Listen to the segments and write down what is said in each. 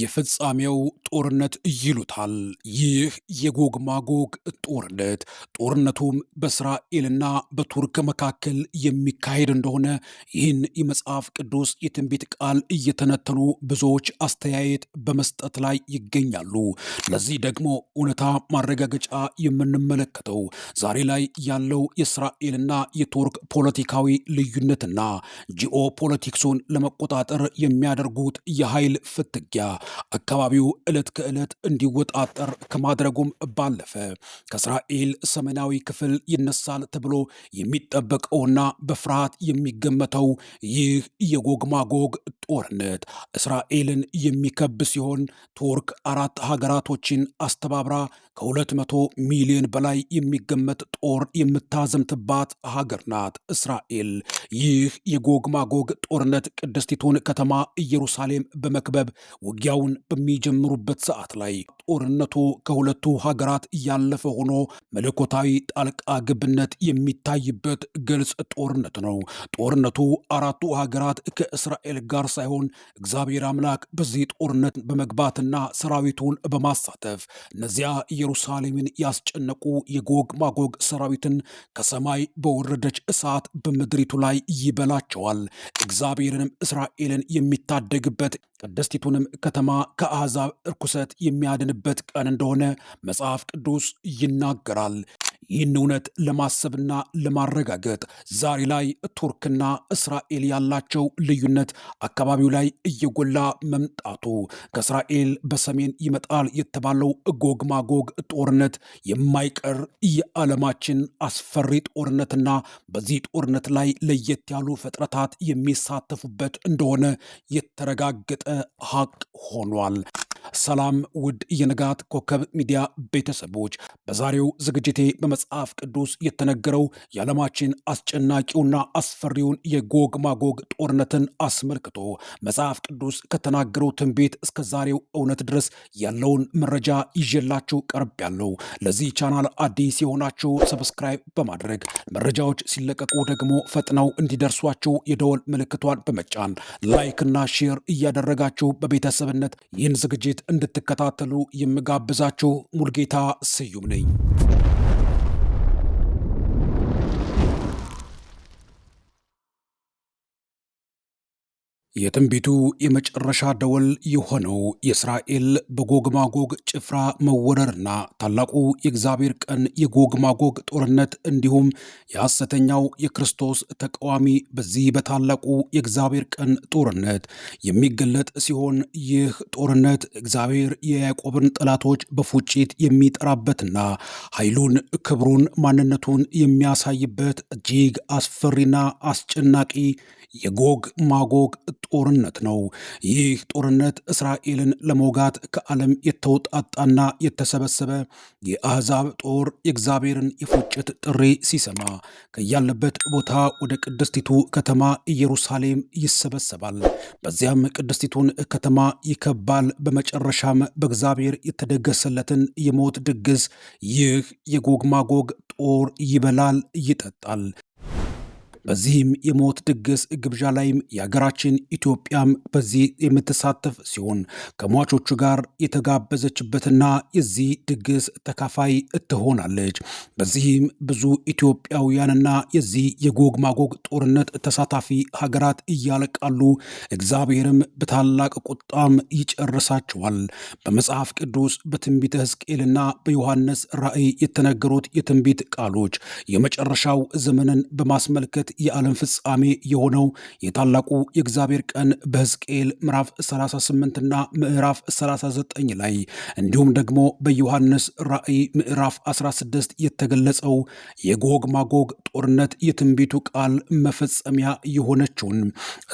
የፍጻሜው ጦርነት ይሉታል። ይህ የጎግ ማጎግ ጦርነት ጦርነቱም በእስራኤልና በቱርክ መካከል የሚካሄድ እንደሆነ ይህን የመጽሐፍ ቅዱስ የትንቢት ቃል እየተነተኑ ብዙዎች አስተያየት በመስጠት ላይ ይገኛሉ። ለዚህ ደግሞ እውነታ ማረጋገጫ የምንመለከተው ዛሬ ላይ ያለው የእስራኤልና የቱርክ ፖለቲካዊ ልዩነትና ጂኦፖለቲክሱን ለመቆጣጠር የሚያደርጉት የኃይል ፍትጊያ አካባቢው ዕለት ከዕለት እንዲወጣጠር ከማድረጉም ባለፈ ከእስራኤል ሰሜናዊ ክፍል ይነሳል ተብሎ የሚጠበቀውና በፍርሃት የሚገመተው ይህ የጎግ ማጎግ ጦርነት እስራኤልን የሚከብ ሲሆን ቱርክ አራት ሀገራቶችን አስተባብራ ከ200 ሚሊዮን በላይ የሚገመት ጦር የምታዘምትባት ሀገር ናት እስራኤል። ይህ የጎግ ማጎግ ጦርነት ቅድስቲቱን ከተማ ኢየሩሳሌም በመክበብ ውጊያውን በሚጀምሩበት ሰዓት ላይ ጦርነቱ ከሁለቱ ሀገራት እያለፈ ሆኖ መለኮታዊ ጣልቃ ግብነት የሚታይበት ግልጽ ጦርነት ነው። ጦርነቱ አራቱ ሀገራት ከእስራኤል ጋር ሳይሆን እግዚአብሔር አምላክ በዚህ ጦርነት በመግባትና ሰራዊቱን በማሳተፍ እነዚያ ኢየሩሳሌምን ያስጨነቁ የጎግ ማጎግ ሰራዊትን ከሰማይ በወረደች እሳት በምድሪቱ ላይ ይበላቸዋል። እግዚአብሔርንም እስራኤልን የሚታደግበት ቅድስቲቱንም ከተማ ከአሕዛብ እርኩሰት የሚያድንበት ቀን እንደሆነ መጽሐፍ ቅዱስ ይናገራል። ይህን እውነት ለማሰብና ለማረጋገጥ ዛሬ ላይ ቱርክና እስራኤል ያላቸው ልዩነት አካባቢው ላይ እየጎላ መምጣቱ ከእስራኤል በሰሜን ይመጣል የተባለው ጎግ ማጎግ ጦርነት የማይቀር የዓለማችን አስፈሪ ጦርነትና በዚህ ጦርነት ላይ ለየት ያሉ ፍጥረታት የሚሳተፉበት እንደሆነ የተረጋገጠ ሀቅ ሆኗል። ሰላም ውድ የንጋት ኮከብ ሚዲያ ቤተሰቦች፣ በዛሬው ዝግጅቴ በመጽሐፍ ቅዱስ የተነገረው የዓለማችን አስጨናቂውና አስፈሪውን የጎግ ማጎግ ጦርነትን አስመልክቶ መጽሐፍ ቅዱስ ከተናገረው ትንቢት እስከ ዛሬው እውነት ድረስ ያለውን መረጃ ይዤላችሁ ቀርብ ያለው። ለዚህ ቻናል አዲስ የሆናችሁ ሰብስክራይብ በማድረግ መረጃዎች ሲለቀቁ ደግሞ ፈጥነው እንዲደርሷችሁ የደወል ምልክቷን በመጫን ላይክና ሼር እያደረጋችሁ በቤተሰብነት ይህን ዝግጅት እንድትከታተሉ የምጋብዛችሁ ሙልጌታ ስዩም ነኝ። የትንቢቱ የመጨረሻ ደወል የሆነው የእስራኤል በጎግ ማጎግ ጭፍራ መወረርና ታላቁ የእግዚአብሔር ቀን የጎግ ማጎግ ጦርነት እንዲሁም የሐሰተኛው የክርስቶስ ተቃዋሚ በዚህ በታላቁ የእግዚአብሔር ቀን ጦርነት የሚገለጥ ሲሆን ይህ ጦርነት እግዚአብሔር የያዕቆብን ጠላቶች በፉጭት የሚጠራበትና ኃይሉን፣ ክብሩን፣ ማንነቱን የሚያሳይበት እጅግ አስፈሪና አስጨናቂ የጎግ ማጎግ ጦርነት ነው። ይህ ጦርነት እስራኤልን ለመውጋት ከዓለም የተውጣጣና የተሰበሰበ የአሕዛብ ጦር የእግዚአብሔርን የፉጭት ጥሪ ሲሰማ ከያለበት ቦታ ወደ ቅድስቲቱ ከተማ ኢየሩሳሌም ይሰበሰባል። በዚያም ቅድስቲቱን ከተማ ይከባል። በመጨረሻም በእግዚአብሔር የተደገሰለትን የሞት ድግስ ይህ የጎግ ማጎግ ጦር ይበላል፣ ይጠጣል። በዚህም የሞት ድግስ ግብዣ ላይም የሀገራችን ኢትዮጵያም በዚህ የምትሳተፍ ሲሆን ከሟቾቹ ጋር የተጋበዘችበትና የዚህ ድግስ ተካፋይ ትሆናለች። በዚህም ብዙ ኢትዮጵያውያንና የዚህ የጎግ ማጎግ ጦርነት ተሳታፊ ሀገራት እያለቃሉ፣ እግዚአብሔርም በታላቅ ቁጣም ይጨርሳቸዋል። በመጽሐፍ ቅዱስ በትንቢተ ሕዝቅኤልና በዮሐንስ ራእይ የተነገሩት የትንቢት ቃሎች የመጨረሻው ዘመንን በማስመልከት ዓመት የዓለም ፍጻሜ የሆነው የታላቁ የእግዚአብሔር ቀን በሕዝቅኤል ምዕራፍ 38 ና ምዕራፍ 39 ላይ እንዲሁም ደግሞ በዮሐንስ ራእይ ምዕራፍ 16 የተገለጸው የጎግ ማጎግ ጦርነት የትንቢቱ ቃል መፈጸሚያ የሆነችውን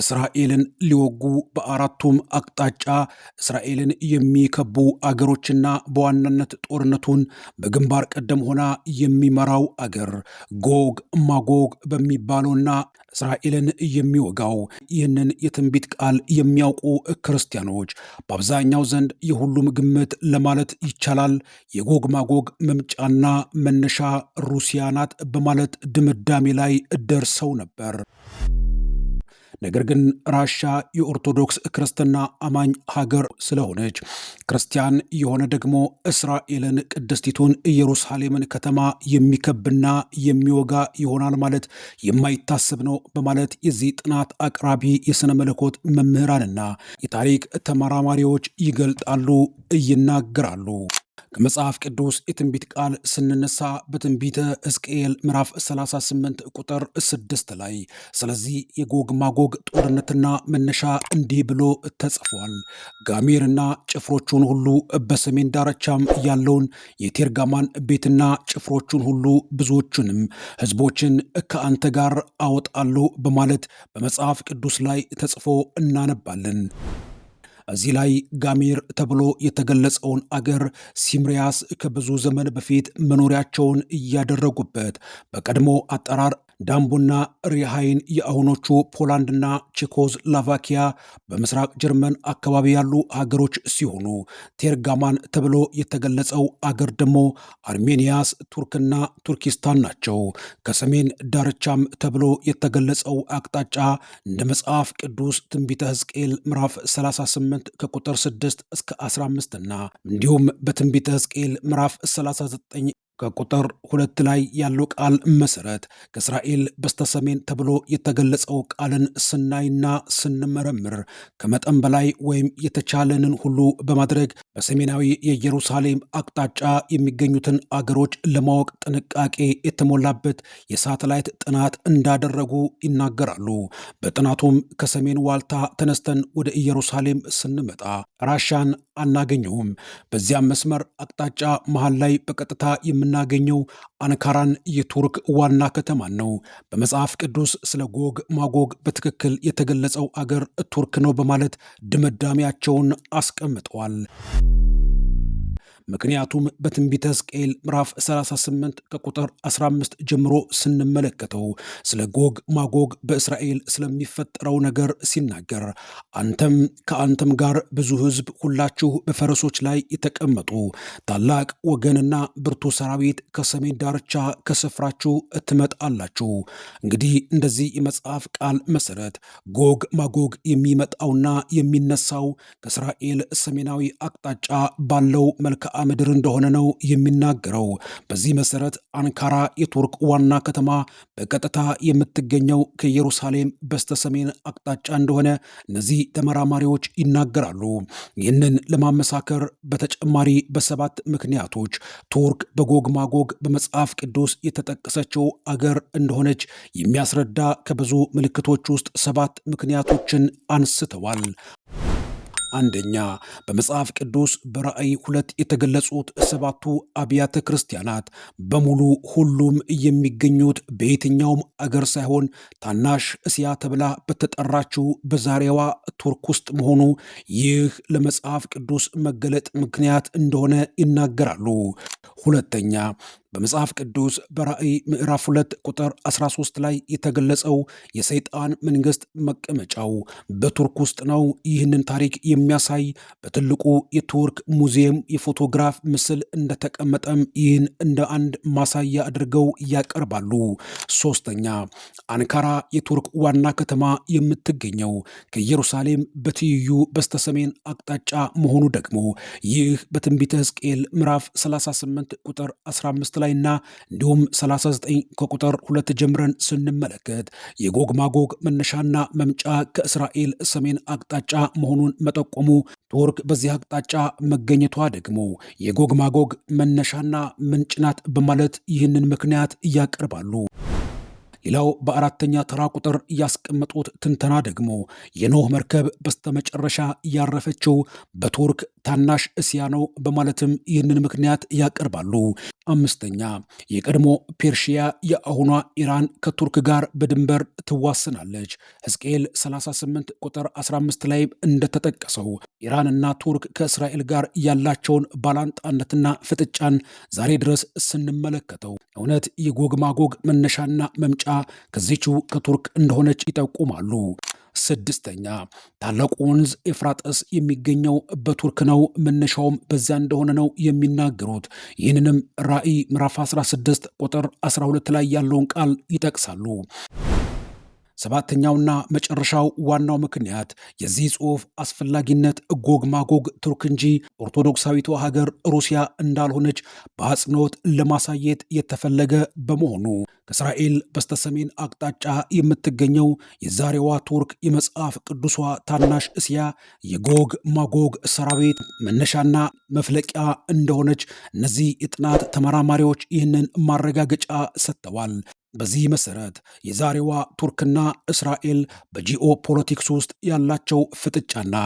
እስራኤልን ሊወጉ በአራቱም አቅጣጫ እስራኤልን የሚከቡ አገሮችና በዋናነት ጦርነቱን በግንባር ቀደም ሆና የሚመራው አገር ጎግ ማጎግ በሚባል ነውና እስራኤልን የሚወጋው። ይህንን የትንቢት ቃል የሚያውቁ ክርስቲያኖች በአብዛኛው ዘንድ የሁሉም ግምት ለማለት ይቻላል የጎግ ማጎግ መምጫና መነሻ ሩሲያ ናት በማለት ድምዳሜ ላይ ደርሰው ነበር። ነገር ግን ራሻ የኦርቶዶክስ ክርስትና አማኝ ሀገር ስለሆነች ክርስቲያን የሆነ ደግሞ እስራኤልን ቅድስቲቱን ኢየሩሳሌምን ከተማ የሚከብና የሚወጋ ይሆናል ማለት የማይታሰብ ነው በማለት የዚህ ጥናት አቅራቢ የሥነ መለኮት መምህራንና የታሪክ ተመራማሪዎች ይገልጣሉ፣ ይናገራሉ። ከመጽሐፍ ቅዱስ የትንቢት ቃል ስንነሳ በትንቢተ ሕዝቅኤል ምዕራፍ 38 ቁጥር 6 ላይ ስለዚህ የጎግ ማጎግ ጦርነትና መነሻ እንዲህ ብሎ ተጽፏል። ጋሜርና ጭፍሮቹን ሁሉ በሰሜን ዳርቻም ያለውን የቴርጋማን ቤትና ጭፍሮቹን ሁሉ ብዙዎቹንም ሕዝቦችን ከአንተ ጋር አወጣሉ በማለት በመጽሐፍ ቅዱስ ላይ ተጽፎ እናነባለን። እዚህ ላይ ጋሜር ተብሎ የተገለጸውን አገር ሲምሪያስ ከብዙ ዘመን በፊት መኖሪያቸውን እያደረጉበት በቀድሞ አጠራር ዳምቡና ሪሃይን የአሁኖቹ ፖላንድና ቼኮዝ ላቫኪያ በምስራቅ ጀርመን አካባቢ ያሉ ሀገሮች ሲሆኑ ቴርጋማን ተብሎ የተገለጸው አገር ደግሞ አርሜኒያስ፣ ቱርክና ቱርኪስታን ናቸው። ከሰሜን ዳርቻም ተብሎ የተገለጸው አቅጣጫ እንደ መጽሐፍ ቅዱስ ትንቢተ ሕዝቅኤል ምዕራፍ 38 ከቁጥር 6 እስከ 15 እና እንዲሁም በትንቢተ ሕዝቅኤል ምዕራፍ 39 ከቁጥር ሁለት ላይ ያለው ቃል መሰረት ከእስራኤል በስተሰሜን ተብሎ የተገለጸው ቃልን ስናይና ስንመረምር ከመጠን በላይ ወይም የተቻለንን ሁሉ በማድረግ በሰሜናዊ የኢየሩሳሌም አቅጣጫ የሚገኙትን አገሮች ለማወቅ ጥንቃቄ የተሞላበት የሳተላይት ጥናት እንዳደረጉ ይናገራሉ። በጥናቱም ከሰሜን ዋልታ ተነስተን ወደ ኢየሩሳሌም ስንመጣ ራሻን አናገኘውም። በዚያም መስመር አቅጣጫ መሃል ላይ በቀጥታ የምናገኘው አንካራን የቱርክ ዋና ከተማን ነው። በመጽሐፍ ቅዱስ ስለ ጎግ ማጎግ በትክክል የተገለጸው አገር ቱርክ ነው በማለት ድምዳሜያቸውን አስቀምጠዋል። ምክንያቱም በትንቢተ ሕዝቅኤል ምዕራፍ 38 ከቁጥር 15 ጀምሮ ስንመለከተው ስለ ጎግ ማጎግ በእስራኤል ስለሚፈጠረው ነገር ሲናገር አንተም ከአንተም ጋር ብዙ ሕዝብ ሁላችሁ በፈረሶች ላይ የተቀመጡ ታላቅ ወገንና ብርቱ ሰራዊት ከሰሜን ዳርቻ ከስፍራችሁ ትመጣላችሁ። እንግዲህ እንደዚህ የመጽሐፍ ቃል መሰረት ጎግ ማጎግ የሚመጣውና የሚነሳው ከእስራኤል ሰሜናዊ አቅጣጫ ባለው መልክ መልክዓ ምድር እንደሆነ ነው የሚናገረው። በዚህ መሰረት አንካራ የቱርክ ዋና ከተማ በቀጥታ የምትገኘው ከኢየሩሳሌም በስተሰሜን አቅጣጫ እንደሆነ እነዚህ ተመራማሪዎች ይናገራሉ። ይህንን ለማመሳከር በተጨማሪ በሰባት ምክንያቶች ቱርክ በጎግ ማጎግ በመጽሐፍ ቅዱስ የተጠቀሰችው አገር እንደሆነች የሚያስረዳ ከብዙ ምልክቶች ውስጥ ሰባት ምክንያቶችን አንስተዋል። አንደኛ በመጽሐፍ ቅዱስ በራእይ ሁለት የተገለጹት ሰባቱ አብያተ ክርስቲያናት በሙሉ ሁሉም የሚገኙት በየትኛውም አገር ሳይሆን ታናሽ እስያ ተብላ በተጠራችው በዛሬዋ ቱርክ ውስጥ መሆኑ ይህ ለመጽሐፍ ቅዱስ መገለጥ ምክንያት እንደሆነ ይናገራሉ። ሁለተኛ በመጽሐፍ ቅዱስ በራእይ ምዕራፍ 2 ቁጥር 13 ላይ የተገለጸው የሰይጣን መንግሥት መቀመጫው በቱርክ ውስጥ ነው። ይህንን ታሪክ የሚያሳይ በትልቁ የቱርክ ሙዚየም የፎቶግራፍ ምስል እንደተቀመጠም ይህን እንደ አንድ ማሳያ አድርገው ያቀርባሉ። ሶስተኛ አንካራ የቱርክ ዋና ከተማ የምትገኘው ከኢየሩሳሌም በትይዩ በስተሰሜን አቅጣጫ መሆኑ ደግሞ ይህ በትንቢተ ሕዝቅኤል ምዕራፍ 38 ቁጥር 15 ላይና እንዲሁም 39 ከቁጥር ሁለት ጀምረን ስንመለከት የጎግ ማጎግ መነሻና መምጫ ከእስራኤል ሰሜን አቅጣጫ መሆኑን መጠቆሙ፣ ቱርክ በዚህ አቅጣጫ መገኘቷ ደግሞ የጎግ ማጎግ መነሻና ምንጭ ናት በማለት ይህንን ምክንያት ያቀርባሉ። ሌላው በአራተኛ ተራ ቁጥር ያስቀመጡት ትንተና ደግሞ የኖህ መርከብ በስተመጨረሻ ያረፈችው በቱርክ ታናሽ እስያ ነው በማለትም ይህንን ምክንያት ያቀርባሉ። አምስተኛ የቀድሞ ፔርሺያ የአሁኗ ኢራን ከቱርክ ጋር በድንበር ትዋስናለች። ሕዝቅኤል 38 ቁጥር 15 ላይ እንደተጠቀሰው ኢራንና ቱርክ ከእስራኤል ጋር ያላቸውን ባላንጣነትና ፍጥጫን ዛሬ ድረስ ስንመለከተው እውነት የጎግ ማጎግ መነሻና መምጫ ከዚችው ከቱርክ እንደሆነች ይጠቁማሉ። ስድስተኛ ታላቁ ወንዝ ኤፍራጥስ የሚገኘው በቱርክ ነው፣ መነሻውም በዚያ እንደሆነ ነው የሚናገሩት። ይህንንም ራእይ ምዕራፍ 16 ቁጥር 12 ላይ ያለውን ቃል ይጠቅሳሉ። ሰባተኛውና መጨረሻው ዋናው ምክንያት የዚህ ጽሑፍ አስፈላጊነት ጎግ ማጎግ ቱርክ እንጂ ኦርቶዶክሳዊቷ ሀገር ሩሲያ እንዳልሆነች በአጽንኦት ለማሳየት የተፈለገ በመሆኑ ከእስራኤል በስተሰሜን አቅጣጫ የምትገኘው የዛሬዋ ቱርክ የመጽሐፍ ቅዱሷ ታናሽ እስያ የጎግ ማጎግ ሰራዊት መነሻና መፍለቂያ እንደሆነች እነዚህ የጥናት ተመራማሪዎች ይህንን ማረጋገጫ ሰጥተዋል። በዚህ መሰረት የዛሬዋ ቱርክና እስራኤል በጂኦ ፖለቲክስ ውስጥ ያላቸው ፍጥጫና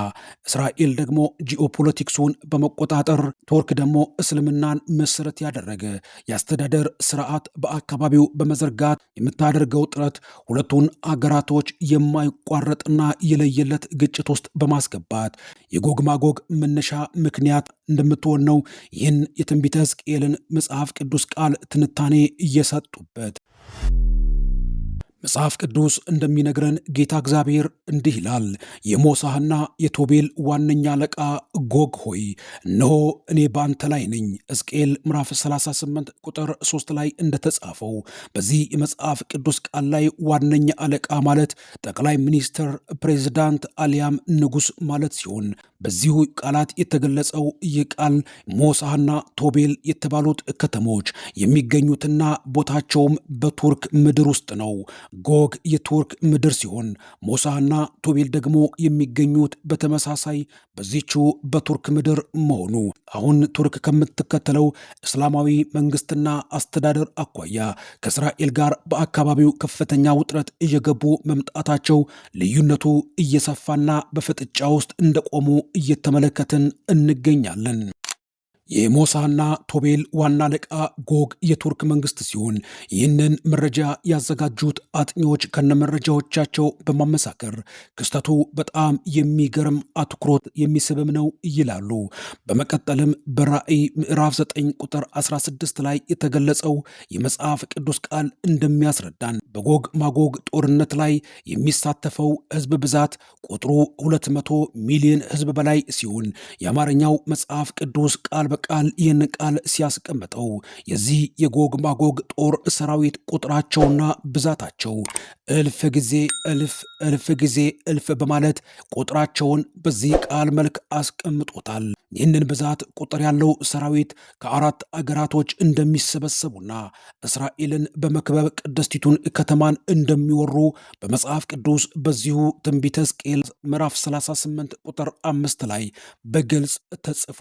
እስራኤል ደግሞ ጂኦ ፖለቲክሱን በመቆጣጠር ቱርክ ደግሞ እስልምናን መሰረት ያደረገ የአስተዳደር ስርዓት በአካባቢው በመዘርጋት የምታደርገው ጥረት ሁለቱን አገራቶች የማይቋረጥና የለየለት ግጭት ውስጥ በማስገባት የጎግ ማጎግ መነሻ ምክንያት እንደምትሆን ነው። ይህን የትንቢተ ሕዝቅኤልን መጽሐፍ ቅዱስ ቃል ትንታኔ እየሰጡበት you መጽሐፍ ቅዱስ እንደሚነግረን ጌታ እግዚአብሔር እንዲህ ይላል፣ የሞሳህና የቶቤል ዋነኛ አለቃ ጎግ ሆይ እነሆ እኔ በአንተ ላይ ነኝ። ሕዝቅኤል ምዕራፍ 38 ቁጥር 3 ላይ እንደተጻፈው በዚህ የመጽሐፍ ቅዱስ ቃል ላይ ዋነኛ አለቃ ማለት ጠቅላይ ሚኒስትር፣ ፕሬዚዳንት አሊያም ንጉሥ ማለት ሲሆን በዚሁ ቃላት የተገለጸው ይህ ቃል ሞሳህና ቶቤል የተባሉት ከተሞች የሚገኙትና ቦታቸውም በቱርክ ምድር ውስጥ ነው። ጎግ የቱርክ ምድር ሲሆን ሞሳና ቶቤል ደግሞ የሚገኙት በተመሳሳይ በዚቹ በቱርክ ምድር መሆኑ አሁን ቱርክ ከምትከተለው እስላማዊ መንግስትና አስተዳደር አኳያ ከእስራኤል ጋር በአካባቢው ከፍተኛ ውጥረት እየገቡ መምጣታቸው ልዩነቱ እየሰፋና በፍጥጫ ውስጥ እንደቆሙ እየተመለከትን እንገኛለን። የሞሳና ቶቤል ዋና አለቃ ጎግ የቱርክ መንግስት ሲሆን ይህንን መረጃ ያዘጋጁት አጥኚዎች ከነመረጃዎቻቸው በማመሳከር ክስተቱ በጣም የሚገርም አትኩሮት የሚስብም ነው ይላሉ። በመቀጠልም በራእይ ምዕራፍ 9 ቁጥር 16 ላይ የተገለጸው የመጽሐፍ ቅዱስ ቃል እንደሚያስረዳን በጎግ ማጎግ ጦርነት ላይ የሚሳተፈው ህዝብ ብዛት ቁጥሩ 200 ሚሊዮን ህዝብ በላይ ሲሆን የአማርኛው መጽሐፍ ቅዱስ ቃል በቃል ይህን ቃል ሲያስቀምጠው የዚህ የጎግ ማጎግ ጦር ሰራዊት ቁጥራቸውና ብዛታቸው እልፍ ጊዜ እልፍ እልፍ ጊዜ እልፍ በማለት ቁጥራቸውን በዚህ ቃል መልክ አስቀምጦታል። ይህንን ብዛት ቁጥር ያለው ሰራዊት ከአራት አገራቶች እንደሚሰበሰቡና እስራኤልን በመክበብ ቅድስቲቱን ከተማን እንደሚወሩ በመጽሐፍ ቅዱስ በዚሁ ትንቢተ ሕዝቅኤል ምዕራፍ 38 ቁጥር አምስት ላይ በግልጽ ተጽፎ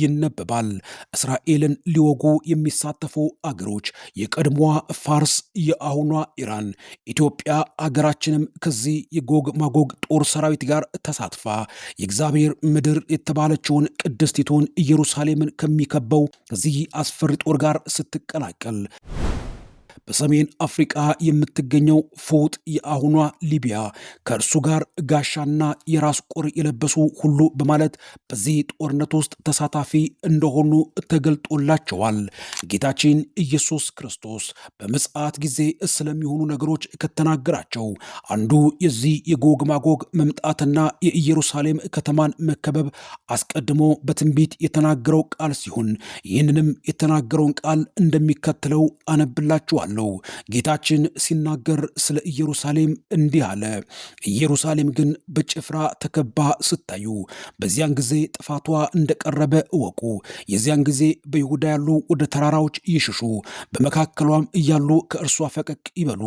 ይነበባል። እስራኤልን ሊወጉ የሚሳተፉ አገሮች የቀድሞዋ ፋርስ፣ የአሁኗ ኢራን፣ ኢትዮጵያ አገራችንም ከዚህ የጎግ ማጎግ ጦር ሰራዊት ጋር ተሳትፋ የእግዚአብሔር ምድር የተባለችውን ቅድስቲቱን ኢየሩሳሌምን ከሚከበው ከዚህ አስፈሪ ጦር ጋር ስትቀላቀል በሰሜን አፍሪቃ የምትገኘው ፎጥ የአሁኗ ሊቢያ ከእርሱ ጋር ጋሻና የራስ ቁር የለበሱ ሁሉ በማለት በዚህ ጦርነት ውስጥ ተሳታፊ እንደሆኑ ተገልጦላቸዋል። ጌታችን ኢየሱስ ክርስቶስ በምጽአት ጊዜ ስለሚሆኑ ነገሮች ከተናገራቸው አንዱ የዚህ የጎግ ማጎግ መምጣትና የኢየሩሳሌም ከተማን መከበብ አስቀድሞ በትንቢት የተናገረው ቃል ሲሆን ይህንንም የተናገረውን ቃል እንደሚከተለው አነብላችኋል። ነው። ጌታችን ሲናገር ስለ ኢየሩሳሌም እንዲህ አለ፣ ኢየሩሳሌም ግን በጭፍራ ተከባ ስታዩ በዚያን ጊዜ ጥፋቷ እንደቀረበ እወቁ። የዚያን ጊዜ በይሁዳ ያሉ ወደ ተራራዎች ይሽሹ፣ በመካከሏም እያሉ ከእርሷ ፈቀቅ ይበሉ፣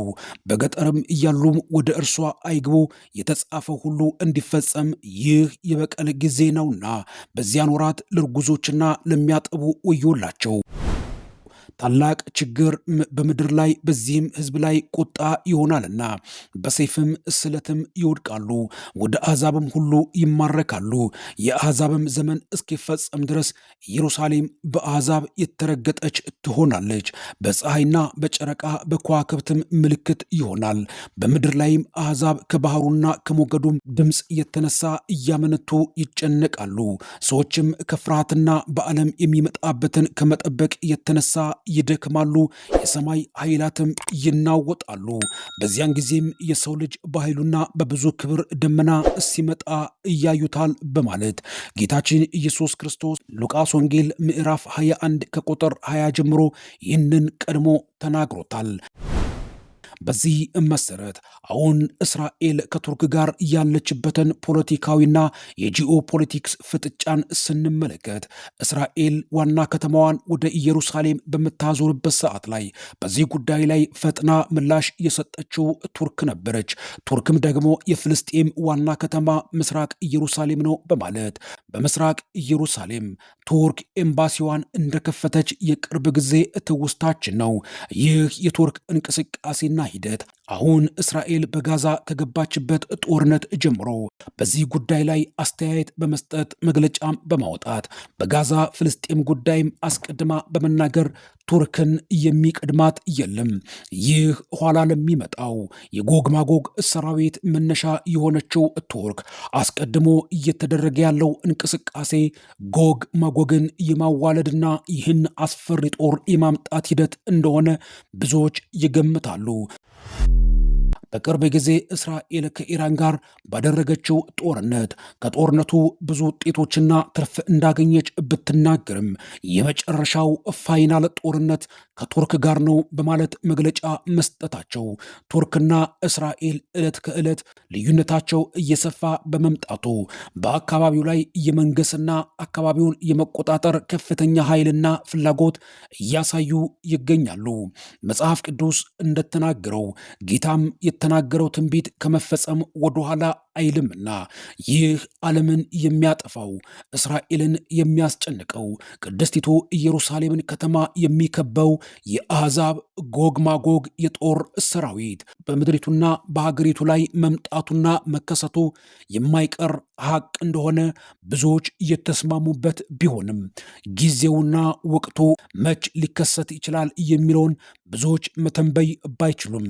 በገጠርም እያሉም ወደ እርሷ አይግቡ፣ የተጻፈው ሁሉ እንዲፈጸም ይህ የበቀል ጊዜ ነውና። በዚያን ወራት ለርጉዞችና ለሚያጠቡ ወዮላቸው። ታላቅ ችግር በምድር ላይ በዚህም ህዝብ ላይ ቁጣ ይሆናልና በሰይፍም ስለትም ይወድቃሉ፣ ወደ አሕዛብም ሁሉ ይማረካሉ። የአሕዛብም ዘመን እስኪፈጸም ድረስ ኢየሩሳሌም በአሕዛብ የተረገጠች ትሆናለች። በፀሐይና በጨረቃ በከዋክብትም ምልክት ይሆናል። በምድር ላይም አሕዛብ ከባህሩና ከሞገዱም ድምፅ የተነሳ እያመነቱ ይጨነቃሉ። ሰዎችም ከፍርሃትና በዓለም የሚመጣበትን ከመጠበቅ የተነሳ ይደክማሉ፣ የሰማይ ኃይላትም ይናወጣሉ። በዚያን ጊዜም የሰው ልጅ በኃይሉና በብዙ ክብር ደመና ሲመጣ እያዩታል በማለት ጌታችን ኢየሱስ ክርስቶስ ሉቃስ ወንጌል ምዕራፍ 21 ከቁጥር 20 ጀምሮ ይህንን ቀድሞ ተናግሮታል። በዚህ መሰረት አሁን እስራኤል ከቱርክ ጋር ያለችበትን ፖለቲካዊና የጂኦ ፖለቲክስ ፍጥጫን ስንመለከት እስራኤል ዋና ከተማዋን ወደ ኢየሩሳሌም በምታዞርበት ሰዓት ላይ በዚህ ጉዳይ ላይ ፈጥና ምላሽ የሰጠችው ቱርክ ነበረች። ቱርክም ደግሞ የፍልስጤም ዋና ከተማ ምስራቅ ኢየሩሳሌም ነው በማለት በምስራቅ ኢየሩሳሌም ቱርክ ኤምባሲዋን እንደከፈተች የቅርብ ጊዜ ትውስታችን ነው። ይህ የቱርክ እንቅስቃሴና ሂደት አሁን እስራኤል በጋዛ ከገባችበት ጦርነት ጀምሮ በዚህ ጉዳይ ላይ አስተያየት በመስጠት መግለጫም በማውጣት በጋዛ ፍልስጤም ጉዳይም አስቀድማ በመናገር ቱርክን የሚቀድማት የለም። ይህ ኋላ ለሚመጣው የጎግ ማጎግ ሰራዊት መነሻ የሆነችው ቱርክ አስቀድሞ እየተደረገ ያለው እንቅስቃሴ ጎግ ማጎግን የማዋለድና ይህን አስፈሪ ጦር የማምጣት ሂደት እንደሆነ ብዙዎች ይገምታሉ። you በቅርብ ጊዜ እስራኤል ከኢራን ጋር ባደረገችው ጦርነት ከጦርነቱ ብዙ ውጤቶችና ትርፍ እንዳገኘች ብትናገርም የመጨረሻው ፋይናል ጦርነት ከቱርክ ጋር ነው በማለት መግለጫ መስጠታቸው ቱርክና እስራኤል ዕለት ከዕለት ልዩነታቸው እየሰፋ በመምጣቱ በአካባቢው ላይ የመንገስና አካባቢውን የመቆጣጠር ከፍተኛ ኃይልና ፍላጎት እያሳዩ ይገኛሉ። መጽሐፍ ቅዱስ እንደተናገረው ጌታም የተ የተናገረው ትንቢት ከመፈጸም ወደኋላ አይልምና ይህ ዓለምን የሚያጠፋው እስራኤልን የሚያስጨንቀው ቅድስቲቱ ኢየሩሳሌምን ከተማ የሚከበው የአሕዛብ ጎግ ማጎግ የጦር ሰራዊት በምድሪቱና በሀገሪቱ ላይ መምጣቱና መከሰቱ የማይቀር ሀቅ እንደሆነ ብዙዎች የተስማሙበት ቢሆንም ጊዜውና ወቅቱ መች ሊከሰት ይችላል የሚለውን ብዙዎች መተንበይ ባይችሉም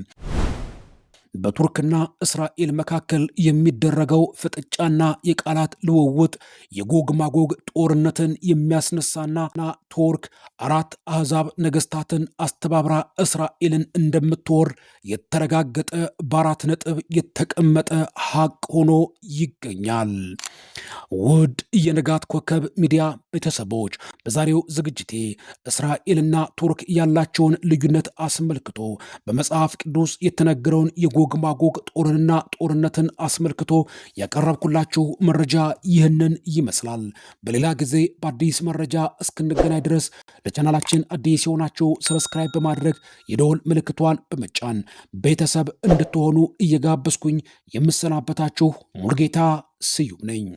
በቱርክና እስራኤል መካከል የሚደረገው ፍጥጫና የቃላት ልውውጥ የጎግ ማጎግ ጦርነትን የሚያስነሳና ቱርክ አራት አሕዛብ ነገስታትን አስተባብራ እስራኤልን እንደምትወር የተረጋገጠ በአራት ነጥብ የተቀመጠ ሀቅ ሆኖ ይገኛል። ውድ የንጋት ኮከብ ሚዲያ ቤተሰቦች በዛሬው ዝግጅቴ እስራኤልና ቱርክ ያላቸውን ልዩነት አስመልክቶ በመጽሐፍ ቅዱስ የተነገረውን የጎ ጎግ ማጎግ ጦርንና ጦርነትን አስመልክቶ ያቀረብኩላችሁ መረጃ ይህንን ይመስላል። በሌላ ጊዜ በአዲስ መረጃ እስክንገናኝ ድረስ ለቻናላችን አዲስ የሆናችሁ ሰብስክራይብ በማድረግ የደወል ምልክቷን በመጫን ቤተሰብ እንድትሆኑ እየጋበዝኩኝ የምሰናበታችሁ ሙልጌታ ስዩም ነኝ።